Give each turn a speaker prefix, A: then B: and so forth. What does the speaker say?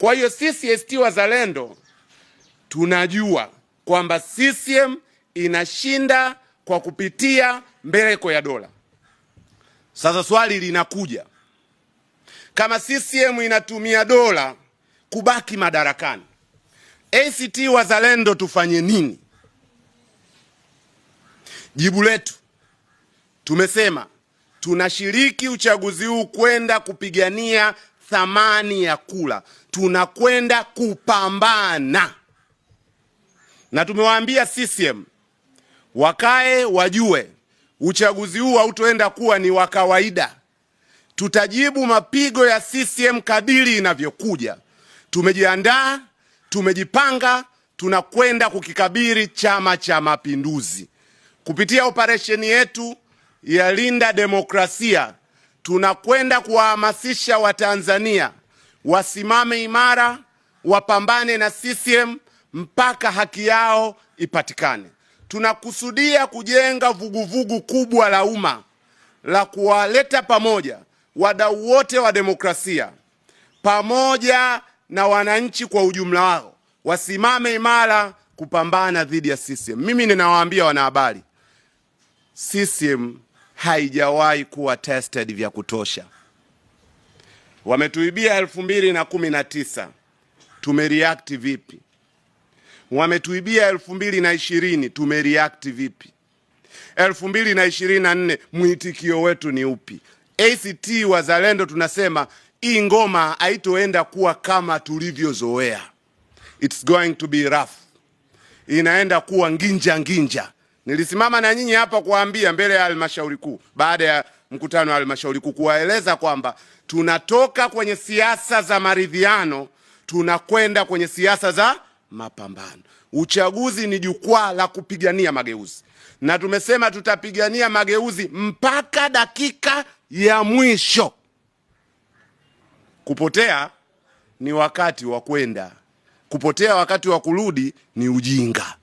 A: Kwa hiyo sisi ACT Wazalendo tunajua kwamba CCM inashinda kwa kupitia mbeleko ya dola. Sasa swali linakuja, kama CCM inatumia dola kubaki madarakani, ACT Wazalendo tufanye nini? Jibu letu tumesema tunashiriki uchaguzi huu kwenda kupigania thamani ya kula, tunakwenda kupambana na tumewaambia CCM wakae wajue uchaguzi huu hautoenda kuwa ni wa kawaida. Tutajibu mapigo ya CCM kadiri inavyokuja. Tumejiandaa, tumejipanga, tunakwenda kukikabiri Chama cha Mapinduzi kupitia operesheni yetu ya Linda Demokrasia tunakwenda kuwahamasisha Watanzania wasimame imara, wapambane na CCM mpaka haki yao ipatikane. Tunakusudia kujenga vuguvugu vugu kubwa la umma la kuwaleta pamoja wadau wote wa demokrasia pamoja na wananchi kwa ujumla wao, wasimame imara kupambana dhidi ya CCM. Mimi ninawaambia wanahabari, CCM haijawahi kuwa tested vya kutosha. Wametuibia elfu mbili na kumi na tisa, tumereact vipi? Wametuibia elfu mbili na ishirini, tumereact vipi? elfu mbili na ishirini na nne, mwitikio wetu ni upi? ACT Wazalendo tunasema hii ngoma haitoenda kuwa kama tulivyozoea, it's going to be rough, inaenda kuwa nginja nginja. Nilisimama na nyinyi hapa kuwaambia mbele ya halmashauri kuu baada ya mkutano wa halmashauri kuu kuwaeleza kwamba tunatoka kwenye siasa za maridhiano tunakwenda kwenye siasa za mapambano. Uchaguzi ni jukwaa la kupigania mageuzi, na tumesema tutapigania mageuzi mpaka dakika ya mwisho. Kupotea ni wakati wa kwenda, kupotea wakati wa kurudi ni ujinga.